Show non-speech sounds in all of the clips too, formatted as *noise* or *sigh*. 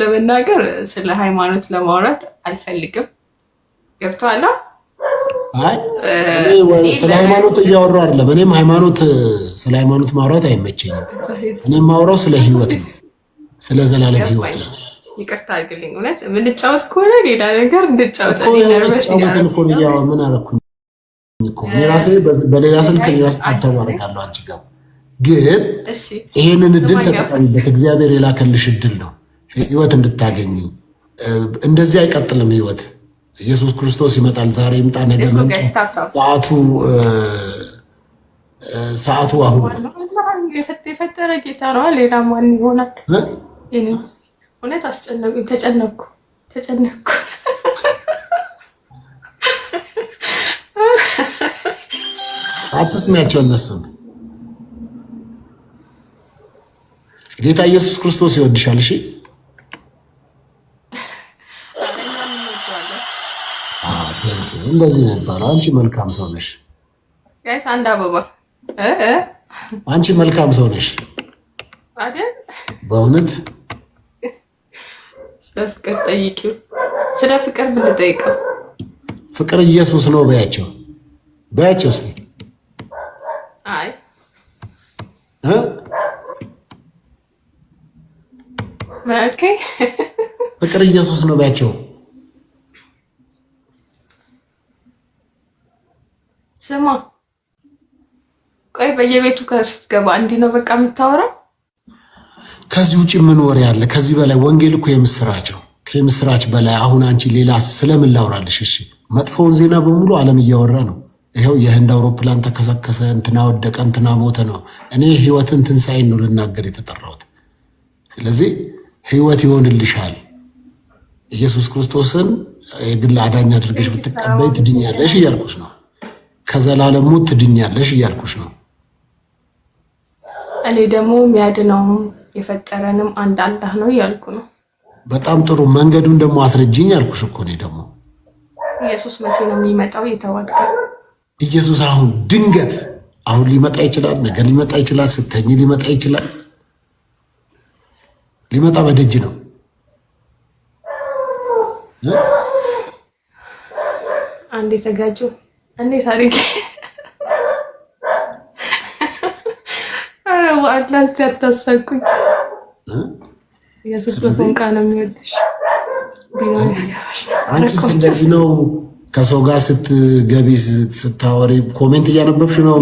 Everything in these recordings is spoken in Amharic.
ለመናገር ስለ ሃይማኖት ለማውራት አልፈልግም። ገብቶሃል? ስለ ሃይማኖት እያወራሁ አይደለም። እኔም ሃይማኖት ስለ ሃይማኖት ማውራት አይመቸኝም። እኔም ማውራው ስለ ህይወት ነው፣ ስለ ዘላለም ህይወት ነው። ይቅርታ አድርግልኝ። እውነት የምንጫወት ከሆነ ሌላ ነገር እንጫወት እኮ ምን አደረኩኝ እራሴ በሌላ ስልክ እኔ እራሴ አንቺ ጋር። ግን ይሄንን እድል ተጠቀሚበት፣ እግዚአብሔር የላከልሽ እድል ነው። ህይወት እንድታገኙ። እንደዚህ አይቀጥልም ህይወት። ኢየሱስ ክርስቶስ ይመጣል። ዛሬ ይምጣ ነገ ሰዓቱ ሰዓቱ አሁን የፈጠረ ጌታ ነው። ሌላ ማን ይሆናል? እውነት አስጨነቁኝ። አትስሚያቸው እነሱን። ጌታ ኢየሱስ ክርስቶስ ይወድሻል። እሺ እንደዚህ ነው ይባላል። አንቺ መልካም ሰው ነሽ። ጋይስ አንድ አበባ አንቺ መልካም ሰው ነሽ አይደል? በእውነት ስለ ፍቅር ጠይቂው። ስለ ፍቅር ምን ልጠይቀው? ፍቅር ኢየሱስ ነው በያቸው፣ በያቸው እስኪ። አይ ፍቅር ኢየሱስ ነው በያቸው። ስማ፣ ቆይ በየቤቱ ከስትገባ እንዲህ ነው በቃ የምታወራው። ከዚህ ውጭ ምን ወሬ አለ? ከዚህ በላይ ወንጌል እኮ የምስራች ነው። ከምስራች በላይ አሁን አንቺ ሌላ ስለምን ላውራልሽ? እሺ፣ መጥፎውን ዜና በሙሉ ዓለም እያወራ ነው። ይኸው የህንድ አውሮፕላን ተከሰከሰ፣ እንትና ወደቀ፣ እንትና ሞተ ነው። እኔ ህይወትን ትንሣኤን ነው ልናገር የተጠራሁት። ስለዚህ ህይወት ይሆንልሻል። ኢየሱስ ክርስቶስን የግል አዳኝ አድርገሽ ብትቀበይ ትድኛለሽ እያልኩሽ ነው። ከዘላለም ሞት ትድኛለሽ እያልኩሽ ነው። እኔ ደግሞ የሚያድነውም የፈጠረንም አንድ አላህ ነው እያልኩ ነው። በጣም ጥሩ መንገዱን ደግሞ አስረጅኝ ያልኩሽ እኮ እኔ ደግሞ ኢየሱስ መቼ ነው የሚመጣው? የተዋጋ ኢየሱስ አሁን ድንገት አሁን ሊመጣ ይችላል፣ ነገ ሊመጣ ይችላል፣ ስተኝ ሊመጣ ይችላል። ሊመጣ በደጅ ነው። አንዴ ተጋጁ እንዴት አድርጌ አረ ዋላስ ያታሰኩኝ ኢየሱስ በፎንቃ ነው የሚወድሽ። አንቺስ እንደዚህ ነው ከሰው ጋር ስትገቢ ስታወሪ ኮሜንት እያነበብሽ ነው።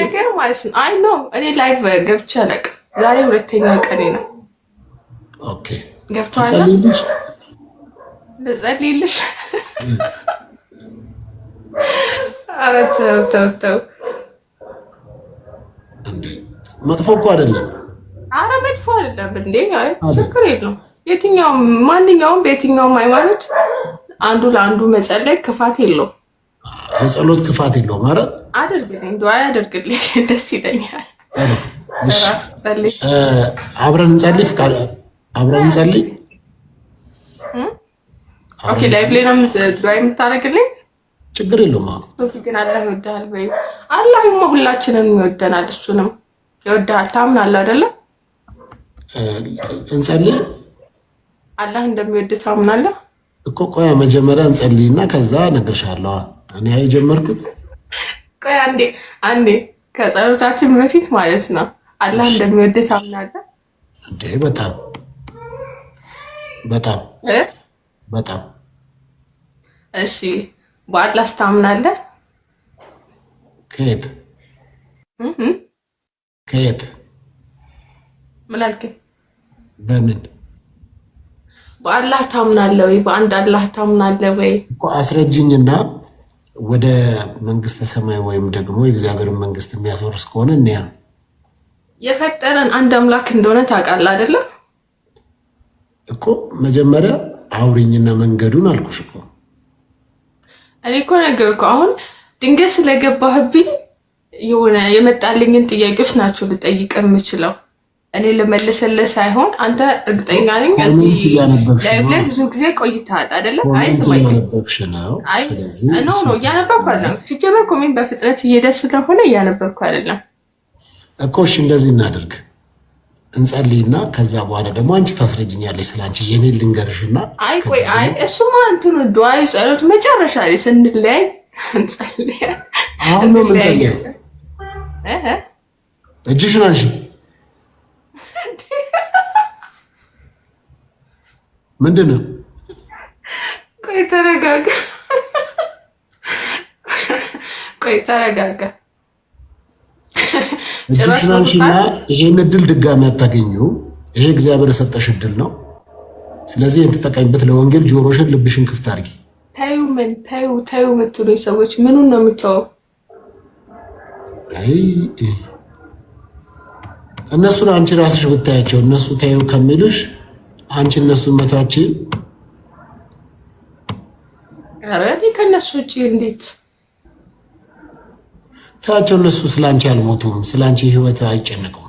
ነገር ማለት ነው። አይ እኔ ላይቭ ገብቼ አላውቅም። ዛሬ ሁለተኛ ቀኔ ነው። ኦኬ ልጸልይልሽ ኧረ ተው ተው ተው። እንዴ መጥፎ እኮ አይደለም። አረ መጥፎ አይደለም እንዴ። አይ ችግር የለውም። የትኛውም ማንኛውም በየትኛውም ሃይማኖት አንዱ ለአንዱ መጸለይ ክፋት የለውም። የጸሎት ክፋት የለውም። አረ አድርግልኝ፣ ዱዓ አድርግልኝ፣ *laughs* ደስ ይለኛል። አብረን እንጸልይ፣ አብረን እንጸልይ። ኦኬ ላይፍ ላይ ነው ዱዓ የምታደርግልኝ ችግር የለውም። ሶፊ ግን አላህ ይወዳሃል ወይ? አላህ ሁላችንም ይወደናል። እሱንም ይወዳሃል። ታምናለህ አይደለ? እንጸልይ። አላህ እንደሚወድ ታምናለህ እኮ። ቆይ መጀመሪያ እንጸልይና ከዛ እነግርሻለሁ። እኔ የጀመርኩት ቆይ አንዴ አንዴ፣ ከጸሎታችን በፊት ማለት ነው። አላህ እንደሚወድ ታምናለህ እንዴ? በጣም በጣም በጣም እሺ በአትላስ ታምናለ? ከየት ከየት? ምን አልከኝ? በምን በአላህ ታምናለህ ወይ? በአንድ አላህ ታምናለህ ወይ? አስረጅኝና ወደ መንግስተ ሰማይ ወይም ደግሞ የእግዚአብሔርን መንግስት የሚያስወርስ ከሆነ እንያ የፈጠረን አንድ አምላክ እንደሆነ ታውቃለህ አይደለም እኮ መጀመሪያ አውሪኝና መንገዱን አልኩሽ እኮ እኔ እኮ ነገርኩህ። አሁን ድንገት ስለገባህብኝ የሆነ የመጣልኝን ጥያቄዎች ናቸው ልጠይቅ የምችለው እኔ ልመልስልህ ሳይሆን፣ አንተ እርግጠኛ ነኝ ላይቭ ላይ ብዙ ጊዜ ቆይተሃል አይደለ? አይ ስማኝ፣ ኖ ኖ እያነበርኩ አይደለም። ሲጀመር ኮሜንት በፍጥነት እየሄደ ስለሆነ እያነበርኩ አይደለም እኮ። እሺ እንደዚህ እናድርግ እንጸልይና ከዛ በኋላ ደግሞ አንቺ ታስረጅኛለሽ። ስላንቺ የኔ ልንገርሽና አይ ቆይ አይ እሱማ እንትኑ ዱዓዩ ጸሎት መጨረሻ ላይ ስንለያይ እንጸልያለን። አሁን ነው የምንጸልየው። እጅሽን አንሺ። ምንድን ነው? ቆይ ተረጋጋ። ቆይ ተረጋጋ እጅግ ትናንሽና ይሄን እድል ድጋሚ ያታገኘው ይሄ እግዚአብሔር የሰጠሽ እድል ነው። ስለዚህ ይህን ለወንጌል ጆሮሽን፣ ልብሽን ክፍት አድርጊ። ታዩ ምን ታዩ ታዩ የምትሉኝ ሰዎች ምኑን ነው የምታወው? እነሱን አንቺ ራስሽ ብታያቸው እነሱ ታዩ ከሚልሽ አንቺ እነሱን መታች። ከነሱ ከእነሱ ውጭ እንዴት ታቸው ለሱ ስላንቺ አልሞቱም፣ ስላንቺ ህይወት አይጨነቁም።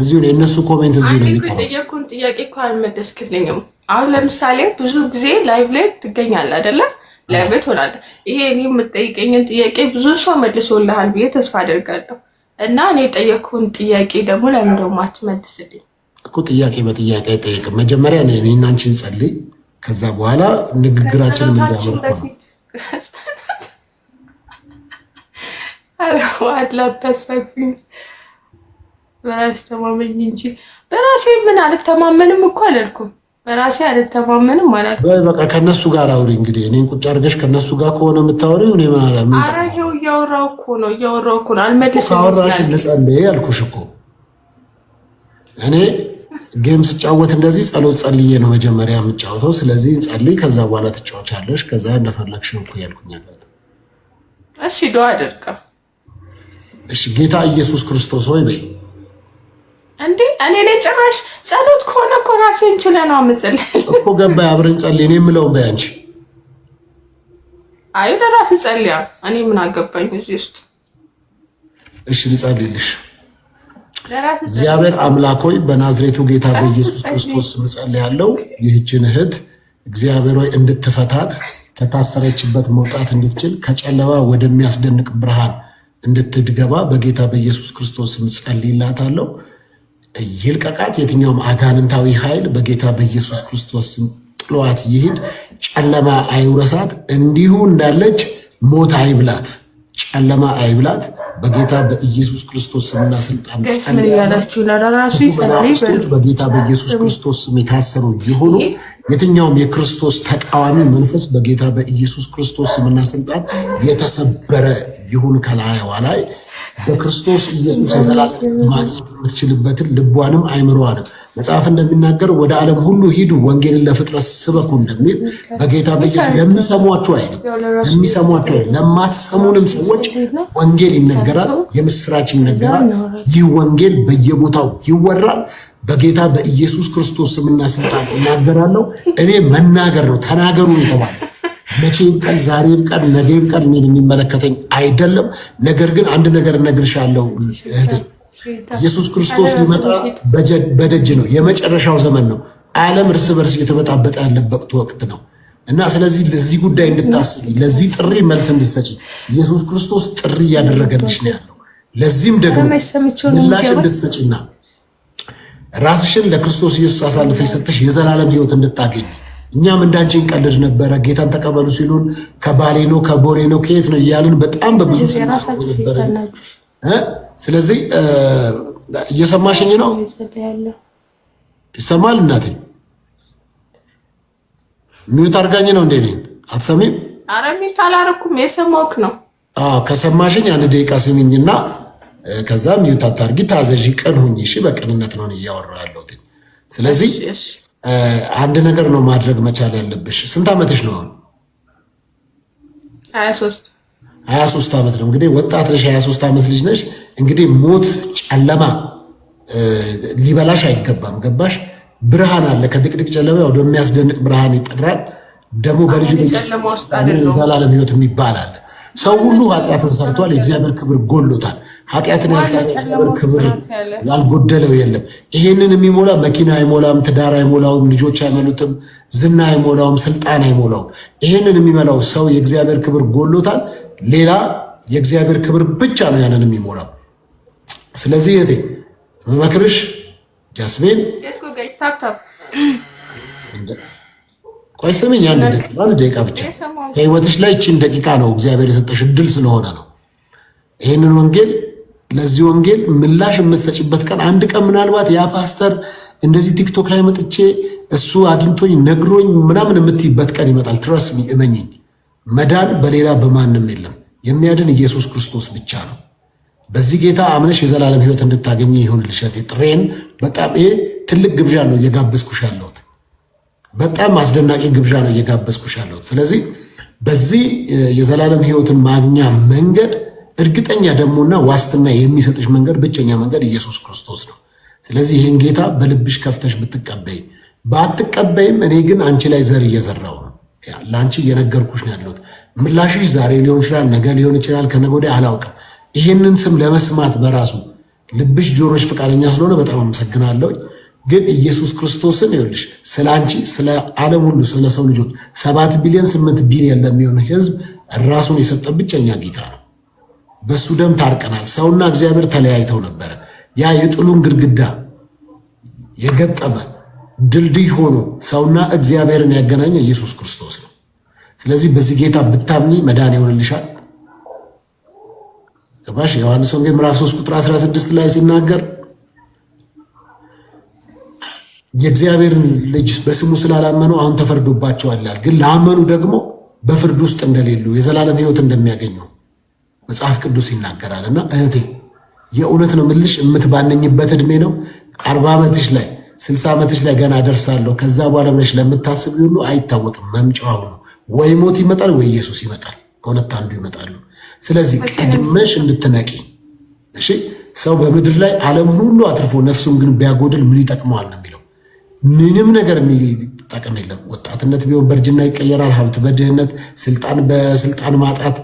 እዚሁ ላይ እነሱ ኮሜንት እዚሁ ነው የሚቀረው። የኩን ጥያቄ እኮ አልመለስክልኝም። አሁን ለምሳሌ ብዙ ጊዜ ላይቭ ላይ ትገኛለህ አይደለ? ላይቭ ላይ ትሆናለህ። ይሄ እኔ የምጠይቀኝን ጥያቄ ብዙ ሰው መልሶልሃል ብዬ ተስፋ አደርጋለሁ። እና እኔ የጠየኩህን ጥያቄ ደግሞ ለምን ደግሞ አትመልስልኝ? እኮ ጥያቄ በጥያቄ አይጠየቅም። መጀመሪያ እኔ እናንቺን ጸልይ፣ ከዛ በኋላ ንግግራችንም ነው አረዋላ አታሳቢኝ በራሴ ተማመኝ እንጂ በራሴ ምን አልተማመንም እኮ አላልኩም። በራሴ አልተማመንም አላልኩም። በቃ ከነሱ ጋር አውሪ እንግዲህ እኔን ቁጭ አድርገሽ ከነሱ ጋር ከሆነ የምታወሪው እኔ ምን አላ ምን አረው እያወራሁ እኮ ነው እያወራሁ እኮ ነው። አልመልስም አልኩሽ እኮ እኔ ጌም ስጫወት እንደዚህ ጸሎት ጸልዬ ነው መጀመሪያ የምጫወተው። ስለዚህ ጸልይ፣ ከዛ በኋላ ትጫወቻለሽ፣ ከዛ እንደፈለግሽ ነው እኮ ያልኩኝ ያለት። እሺ ዶ አደርቀም እሺ ጌታ ኢየሱስ ክርስቶስ ሆይ በይ እንዴ እኔ ላይ ጭራሽ ጸሎት ከሆነ እኮ ራሴን ችለ ነው ምጽል እኮ ገባይ አብረን ጸልይ እኔ የምለውን በይ አንቺ አይ ለራሴ ጸልያ እኔ ምን አገባኝ እዚህ ውስጥ እሺ ልጸልይልሽ እግዚአብሔር አምላክ ሆይ በናዝሬቱ ጌታ በኢየሱስ ክርስቶስ ምጸል ይህችን እህት እግዚአብሔር ሆይ እንድትፈታት ከታሰረችበት መውጣት እንድትችል ከጨለማ ወደሚያስደንቅ ብርሃን እንድትድገባ በጌታ በኢየሱስ ክርስቶስ ስም ጸልይላታለሁ። ይልቀቃት። የትኛውም አጋንንታዊ ኃይል በጌታ በኢየሱስ ክርስቶስ ጥሏት ይሄድ። ጨለማ አይውረሳት። እንዲሁ እንዳለች ሞት አይብላት። ጨለማ አይብላት። በጌታ በኢየሱስ ክርስቶስ ስምና ስልጣን ጸልያለሁ። በጌታ በኢየሱስ ክርስቶስ ስም የታሰሩ ይሁኑ። የትኛውም የክርስቶስ ተቃዋሚ መንፈስ በጌታ በኢየሱስ ክርስቶስ ስምና ስልጣን የተሰበረ ይሁን። ከላይዋ ላይ በክርስቶስ ኢየሱስ የዘላለም ማግኘት የምትችልበትን ልቧንም አይምሮዋንም መጽሐፍ እንደሚናገር ወደ ዓለም ሁሉ ሂዱ ወንጌልን ለፍጥረት ስበኩ እንደሚል በጌታ በኢየሱስ ለሚሰሟችሁ አይልም፣ ለሚሰሟችሁ አይልም፣ ለማትሰሙንም ሰዎች ወንጌል ይነገራል፣ የምስራች ይነገራል። ይህ ወንጌል በየቦታው ይወራል። በጌታ በኢየሱስ ክርስቶስ ስምና ስልጣን እናገራለሁ። እኔ መናገር ነው ተናገሩ የተባለ መቼም ቀን ዛሬም ቀን ነገም ቀን እኔን የሚመለከተኝ አይደለም። ነገር ግን አንድ ነገር እነግርሻለሁ እህቴ ኢየሱስ ክርስቶስ ሊመጣ በደጅ ነው። የመጨረሻው ዘመን ነው። ዓለም እርስ በርስ እየተበጣበጠ ያለበት ወቅት ነው እና ስለዚህ ለዚህ ጉዳይ እንድታስቢ፣ ለዚህ ጥሪ መልስ እንድትሰጪ ኢየሱስ ክርስቶስ ጥሪ እያደረገልሽ ነው ያለው። ለዚህም ደግሞ ምላሽ እንድትሰጪና ራስሽን ለክርስቶስ ኢየሱስ አሳልፈሽ ሰጥተሽ የዘላለም ሕይወት እንድታገኝ እኛም እንዳንቺ እንቀልድ ነበረ። ጌታን ተቀበሉ ሲሉን ከባሌ ነው ከቦሬ ነው ከየት ነው እያልን በጣም በብዙ ነበረ። ስለዚህ እየሰማሽኝ ነው? ይሰማል? እናቴ ሚዩት አድርጋኝ ነው እንዴ? አትሰሚም? አረ ሚዩት አላረኩም፣ ነው። አዎ ከሰማሽኝ አንድ ደቂቃ ስሚኝና ከዛ ሚዩት አታርጊ፣ ታዘዥ፣ ቅን ሁኝ። እሺ፣ በቅንነት ነው እያወራ ያለሁት። ስለዚህ አንድ ነገር ነው ማድረግ መቻል ያለብሽ። ስንት አመትሽ ነው አሁን? ሀያ 23 ዓመት ነው እንግዲህ ወጣት ነሽ፣ 23 ዓመት ልጅ ነሽ። እንግዲህ ሞት ጨለማ ሊበላሽ አይገባም። ገባሽ? ብርሃን አለ። ከድቅድቅ ጨለማ ወደሚያስደንቅ ብርሃን ይጠራል። ደግሞ በልጁ ዘላለም ሕይወት የሚባል አለ። ሰው ሁሉ ኃጢአትን ሰርቷል፣ የእግዚአብሔር ክብር ጎሎታል። ኃጢአትን ያልሳለ እግዚአብሔር ክብር ያልጎደለው የለም። ይሄንን የሚሞላ መኪና አይሞላም፣ ትዳር አይሞላውም፣ ልጆች አይመሉትም፣ ዝና አይሞላውም፣ ስልጣን አይሞላውም። ይሄንን የሚመላው ሰው የእግዚአብሔር ክብር ጎሎታል። ሌላ የእግዚአብሔር ክብር ብቻ ነው ያንን የሚሞላው። ስለዚህ እህቴ መመክርሽ ጃስሜን ቆይ ስሚኝ፣ አንድ ደቂቃ አንድ ደቂቃ ብቻ ከህይወትሽ ላይ ይችን ደቂቃ ነው እግዚአብሔር የሰጠሽ እድል ስለሆነ ነው። ይህንን ወንጌል ለዚህ ወንጌል ምላሽ የምትሰጭበት ቀን አንድ ቀን ምናልባት ያ ፓስተር እንደዚህ ቲክቶክ ላይ መጥቼ እሱ አግኝቶኝ ነግሮኝ ምናምን የምትይበት ቀን ይመጣል። ትረስ እመኝኝ። መዳን በሌላ በማንም የለም። የሚያድን ኢየሱስ ክርስቶስ ብቻ ነው። በዚህ ጌታ አምነሽ የዘላለም ህይወት እንድታገኝ ልሸት ጥሬን በጣም ይሄ ትልቅ ግብዣ ነው እየጋበዝኩሽ ያለሁት። በጣም አስደናቂ ግብዣ ነው እየጋበዝኩሽ ያለሁት። ስለዚህ በዚህ የዘላለም ህይወትን ማግኛ መንገድ እርግጠኛ ደግሞና ዋስትና የሚሰጥሽ መንገድ ብቸኛ መንገድ ኢየሱስ ክርስቶስ ነው። ስለዚህ ይህን ጌታ በልብሽ ከፍተሽ ብትቀበይ፣ ባትቀበይም እኔ ግን አንቺ ላይ ዘር እየዘራው ለአንቺ እየነገርኩሽ ነው ያለሁት። ምላሽሽ ዛሬ ሊሆን ይችላል፣ ነገ ሊሆን ይችላል፣ ከነገ ወዲያ አላውቅም። ይህንን ስም ለመስማት በራሱ ልብሽ ጆሮች ፈቃደኛ ስለሆነ በጣም አመሰግናለሁ። ግን ኢየሱስ ክርስቶስን ይኸውልሽ፣ ስለ አንቺ፣ ስለ ዓለም ሁሉ፣ ስለ ሰው ልጆች ሰባት ቢሊዮን ስምንት ቢሊዮን ለሚሆን ህዝብ ራሱን የሰጠ ብቸኛ ጌታ ነው። በሱ ደም ታርቀናል። ሰውና እግዚአብሔር ተለያይተው ነበረ። ያ የጥሉን ግድግዳ የገጠመ ድልድይ ሆኖ ሰውና እግዚአብሔርን ያገናኘ ኢየሱስ ክርስቶስ ነው። ስለዚህ በዚህ ጌታ ብታምኚ መዳን ይሆንልሻል። ገባሽ? ዮሐንስ ወንጌል ምዕራፍ 3 ቁጥር 16 ላይ ሲናገር የእግዚአብሔርን ልጅ በስሙ ስላላመኑ አሁን ተፈርዶባቸዋል፣ ግን ላመኑ ደግሞ በፍርድ ውስጥ እንደሌሉ የዘላለም ሕይወት እንደሚያገኙ መጽሐፍ ቅዱስ ይናገራል። እና እህቴ የእውነት ነው ምልሽ የምትባነኝበት እድሜ ነው አርባ ዓመትሽ ላይ ስልሳ ዓመትሽ ላይ ገና ደርሳለሁ ከዛ በኋላ ብለሽ ለምታስብ ሁሉ አይታወቅም። መምጫው ነው ወይ ሞት ይመጣል ወይ ኢየሱስ ይመጣል። ከሁለት አንዱ ይመጣሉ። ስለዚህ ቀድመሽ እንድትነቂ እሺ። ሰው በምድር ላይ ዓለም ሁሉ አትርፎ ነፍሱን ግን ቢያጎድል ምን ይጠቅመዋል ነው የሚለው። ምንም ነገር የሚጠቅም የለም። ወጣትነት ቢሆን በእርጅና ይቀየራል። ሀብት በድህነት፣ ስልጣን በስልጣን ማጣት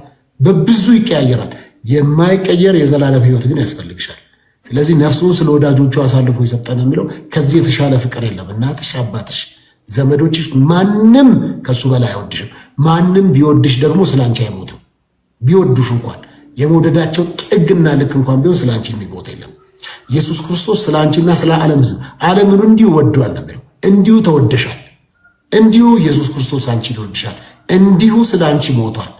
በብዙ ይቀያየራል። የማይቀየር የዘላለም ህይወት ግን ያስፈልግሻል። ስለዚህ ነፍሱን ስለ ወዳጆቹ አሳልፎ የሰጠነ የሚለው ከዚህ የተሻለ ፍቅር የለም። እናትሽ፣ አባትሽ፣ ዘመዶችሽ ማንም ከሱ በላይ አይወድሽም። ማንም ቢወድሽ ደግሞ ስላንቺ አይሞትም። ቢወዱሽ እንኳን የመውደዳቸው ጥግና ልክ እንኳን ቢሆን ስላንቺ የሚሞት የለም። ኢየሱስ ክርስቶስ ስለ አንቺና ስለ ዓለም ዝም ዓለምን እንዲሁ ወዷል ነው የሚለው። እንዲሁ ተወደሻል። እንዲሁ ኢየሱስ ክርስቶስ አንቺ ይወድሻል። እንዲሁ ስለ አንቺ ሞቷል።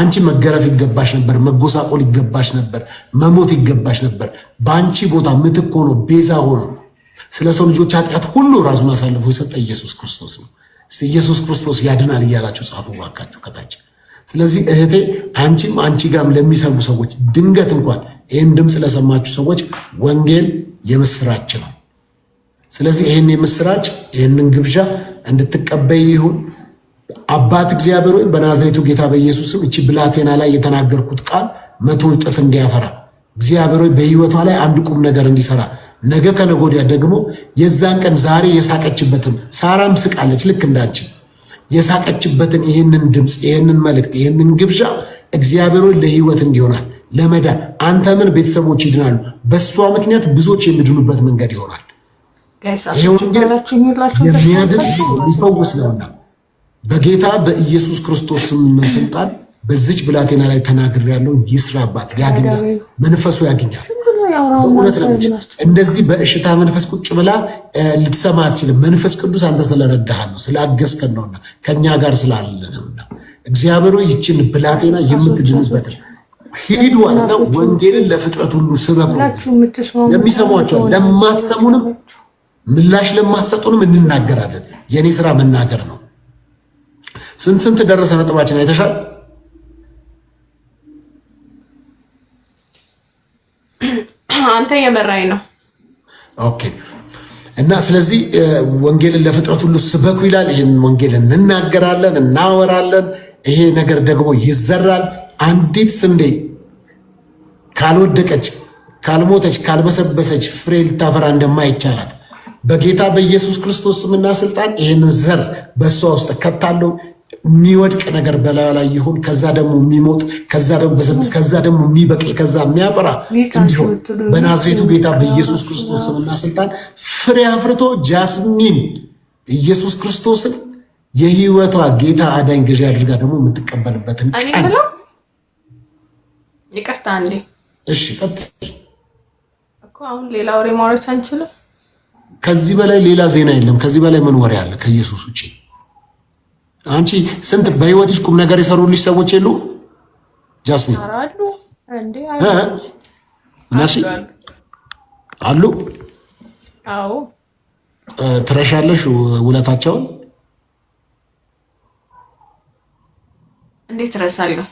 አንቺ መገረፍ ይገባሽ ነበር፣ መጎሳቆል ይገባሽ ነበር፣ መሞት ይገባሽ ነበር። በአንቺ ቦታ ምትክ ሆኖ ቤዛ ሆኖ ስለ ሰው ልጆች ኃጢአት ሁሉ ራሱን አሳልፎ የሰጠ ኢየሱስ ክርስቶስ ነው። እስቲ ኢየሱስ ክርስቶስ ያድናል እያላችሁ ጻፉ ባካችሁ ከታች። ስለዚህ እህቴ አንቺም አንቺ ጋም ለሚሰሙ ሰዎች ድንገት እንኳን ይህን ድምፅ ለሰማችሁ ሰዎች ወንጌል የምስራች ነው። ስለዚህ ይህን የምስራች ይህንን ግብዣ እንድትቀበይ ይሁን። አባት እግዚአብሔር ወይ በናዝሬቱ ጌታ በኢየሱስም እቺ ብላቴና ላይ የተናገርኩት ቃል መቶ እጥፍ እንዲያፈራ እግዚአብሔር ወይ በህይወቷ ላይ አንድ ቁም ነገር እንዲሰራ ነገ ከነገ ወዲያ ደግሞ የዛን ቀን ዛሬ የሳቀችበትን ሳራም ስቃለች ልክ እንዳንችን የሳቀችበትን ይህንን ድምፅ ይህንን መልእክት ይህንን ግብዣ እግዚአብሔር ወይ ለህይወት እንዲሆናል ለመዳን አንተ ምን ቤተሰቦች ይድናሉ። በእሷ ምክንያት ብዙዎች የሚድኑበት መንገድ ይሆናል። የሚያድን ሊፈውስ ነውና በጌታ በኢየሱስ ክርስቶስ ስምና ስልጣን በዚች ብላቴና ላይ ተናግር ያለው ይስራ። አባት ያግኛል፣ መንፈሱ ያግኛል። በእውነት ነው። እንደዚህ በእሽታ መንፈስ ቁጭ ብላ ልትሰማ አትችልም። መንፈስ ቅዱስ አንተ ስለረዳሃን ነው ስላገዝከን ነውና ከእኛ ጋር ስላለ ነውና እግዚአብሔሮ ይችን ብላቴና የምትድንበትን ሂዱ አለ። ወንጌልን ለፍጥረት ሁሉ ስበኩ። ለሚሰሟቸዋል፣ ለማትሰሙንም ምላሽ ለማትሰጡንም እንናገራለን። የእኔ ስራ መናገር ነው። ስንት ስንት ደረሰ ነጥባችን አይተሻል? አንተ የመራኝ ነው። ኦኬ እና ስለዚህ ወንጌልን ለፍጥረት ሁሉ ስበኩ ይላል። ይህን ወንጌል እንናገራለን፣ እናወራለን። ይሄ ነገር ደግሞ ይዘራል። አንዲት ስንዴ ካልወደቀች፣ ካልሞተች፣ ካልበሰበሰች ፍሬ ልታፈራ እንደማይቻላት በጌታ በኢየሱስ ክርስቶስ ስምና ስልጣን ይህንን ዘር በእሷ ውስጥ ከታለው የሚወድቅ ነገር በላዩ ላይ ይሁን። ከዛ ደግሞ የሚሞጥ ከዛ ደግሞ በሰብስ ከዛ ደግሞ የሚበቅል ከዛ የሚያፈራ እንዲሆን በናዝሬቱ ጌታ በኢየሱስ ክርስቶስ ስምና ስልጣን ፍሬ አፍርቶ ጃስሚን ኢየሱስ ክርስቶስን የህይወቷ ጌታ አዳኝ ገዢ አድርጋ ደግሞ የምትቀበልበትን ቀን ይቅርታ እንዴ! እሺ፣ እኮ አሁን ሌላ ወሬ ማውራት አንችልም። ከዚህ በላይ ሌላ ዜና የለም። ከዚህ በላይ ምን ወሬ አለ ከኢየሱስ ውጭ? አንቺ ስንት በህይወትሽ ቁም ነገር የሰሩልሽ ሰዎች የሉ? ጃስሚን አሉ። አዎ ትረሻለሽ ውለታቸውን። እንዴት ረሳለሁ?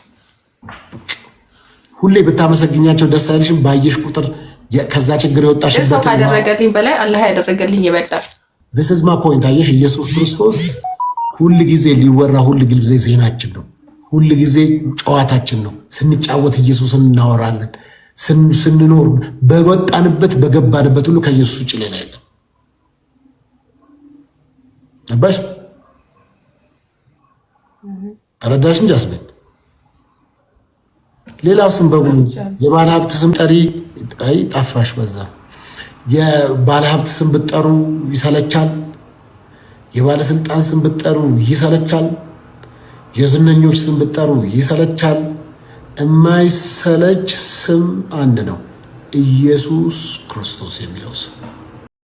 ሁሌ ብታመሰግኛቸው ደስ አይልሽም? ባየሽ ቁጥር ከዛ ችግር የወጣሽበት ካደረገልኝ በላይ አላህ ያደረገልኝ ይበልጣል። ዚስ ኢዝ ማይ ፖይንት። አየሽ ኢየሱስ ክርስቶስ ሁል ጊዜ ሊወራ ሁል ጊዜ ዜናችን ነው። ሁል ጊዜ ጨዋታችን ነው። ስንጫወት ኢየሱስን እናወራለን። ስንኖር በወጣንበት በገባንበት ሁሉ ከኢየሱስ ውጭ ሌላ የለም። ነበር ተረዳሽ እንጂ አስበን ሌላው ስም በሙሉ የባለ ሀብት ስም ጠሪ ጣፋሽ በዛ የባለ ሀብት ስም ብትጠሩ ይሰለቻል። የባለስልጣን ስም ብጠሩ ይሰለቻል። የዝነኞች ስም ብጠሩ ይሰለቻል። የማይሰለች ስም አንድ ነው፣ ኢየሱስ ክርስቶስ የሚለው ስም